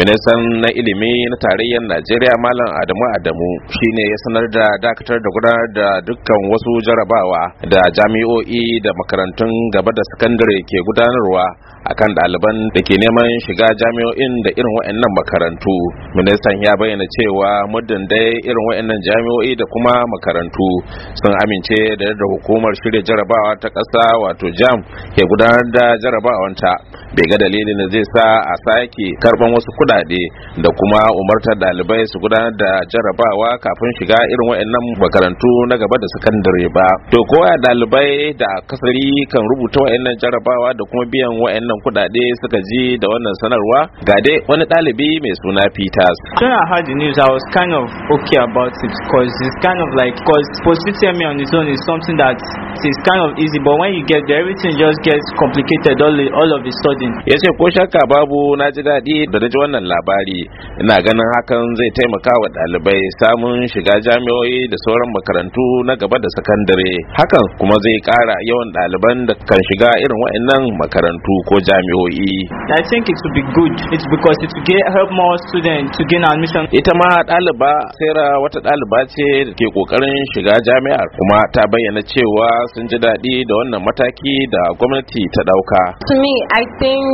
ministan na ilimi na tarayyar najeriya malam adamu adamu shine ya sanar da dakatar da gudanar da dukkan wasu jarabawa da jami'o'i da makarantun gaba da sakandare ke gudanarwa akan ɗaliban da ke neman shiga jami'o'in da irin wa'annan makarantu ministan ya bayyana cewa muddin dai irin wa'annan jami'o'i da kuma makarantu sun amince da yadda hukumar shirya jarabawa ta ƙasa wato jam ke gudanar da jarabawanta bai ga dalilin da zai sa a sake karban wasu kuɗaɗe da kuma umartar ɗalibai su gudanar da jarabawa kafin shiga irin wayannan makarantu na gaba da sakandare ba to koya ɗalibai da kasari kan rubuta wa'annan jarabawa da kuma biyan wayannan kuɗaɗe suka ji da wannan sanarwa ga dai wani ɗalibi mai suna Peters. When I heard the news, I was kind of okay about it because it's kind of like because me on its own is something that is kind of easy, but when you get there, everything just gets complicated all, all of a sudden. Ya ce ko shakka babu na ji daɗi da na ji wannan labari ina ganin hakan zai taimaka wa ɗalibai samun shiga jami'o'i da sauran makarantu na gaba da sakandare hakan kuma zai kara yawan ɗaliban da kan shiga irin wa'annan makarantu ko jami'o'i I think it would be good it's because it will help more students to gain admission ita ma ɗaliba Sera wata ɗaliba ce da ke kokarin shiga jami'ar kuma ta bayyana cewa sun ji daɗi da wannan mataki da gwamnati ta ɗauka. To me I think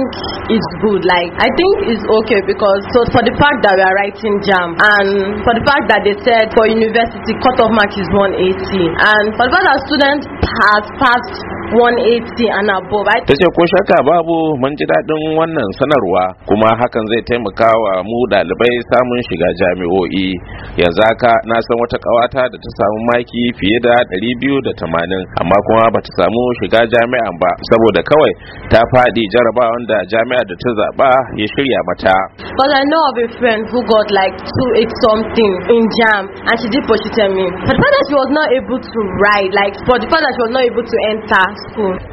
it's good like I think it's okay because so for the fact that we are writing jam and for the fact that they said for university cutoff mark is 180 and for the fact that students has passed 180 and Ta ce ko shakka babu mun ji daɗin wannan sanarwa kuma hakan zai taimaka wa mu ɗalibai samun shiga jami'o'i. Yanzu haka na san wata ƙawata da ta samu maki fiye da 280 amma kuma ba ta samu shiga jami'an ba saboda kawai ta faɗi jaraba da jami'a da ta zaɓa ya shirya mata. But I like for the fact that she was not able to enter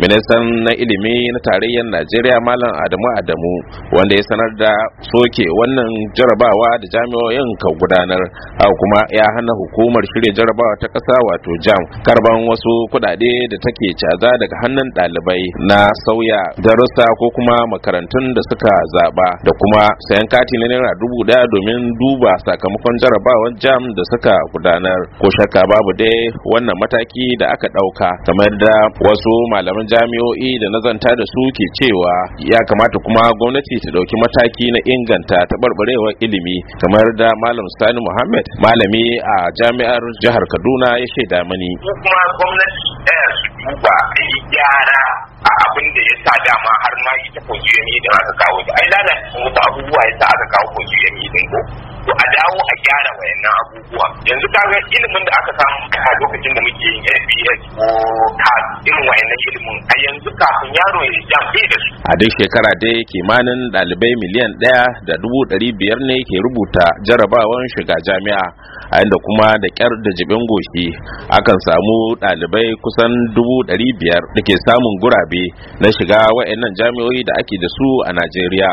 Ministan na ilimi na tarayyar Najeriya Malam Adamu Adamu wanda ya sanar da soke wannan jarabawa da jami'o'in ka gudanar haka kuma ya hana hukumar shirya jarabawa ta ƙasa wato jam karban wasu kuɗaɗe da take caza daga hannun ɗalibai na sauya darussa ko kuma makarantun da suka zaba, da kuma sayan kati na naira dubu ɗaya domin duba sakamakon jarabawar jam da suka gudanar ko shakka babu dai wannan mataki da aka ɗauka kamar da wasu malaman jami'o'i da nazanta da su ke cewa ya kamata kuma gwamnati ta ɗauki mataki na inganta taɓarɓarewar ilimi kamar da malam sani muhammad malami a jami'ar jihar kaduna ya shaida mani kuma gwamnati ɗaya su duba yi gyara a abin da ya sa dama har ma ita kogiyar da aka kawo da ai lalata wasu abubuwa ya sa aka kawo kogiyar din ko to a dawo gyara wayannan abubuwa yanzu kaga ilimin da aka samu a lokacin da muke yin fbs ko CAS irin wayannan ilimin a yanzu kafin yaro ya jam bai da su a duk shekara dai kimanin ɗalibai miliyan ɗaya da dubu ɗari biyar ne ke rubuta jarabawan shiga jami'a a yanda kuma da kyar da jibin goshi akan samu ɗalibai kusan dubu ɗari biyar da ke samun gurabe na shiga wayannan jami'o'i da ake da su a Najeriya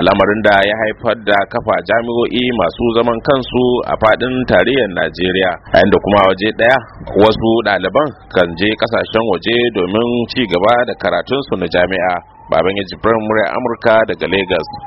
al'amarin da ya haifar da kafa jami'o'i masu zaman kansu su a fadin tarihin Najeriya yayin da kuma waje daya wasu ɗaliban kan je kasashen waje domin ci gaba da karatunsu na jami'a baban ya jibrin Amurka daga Lagos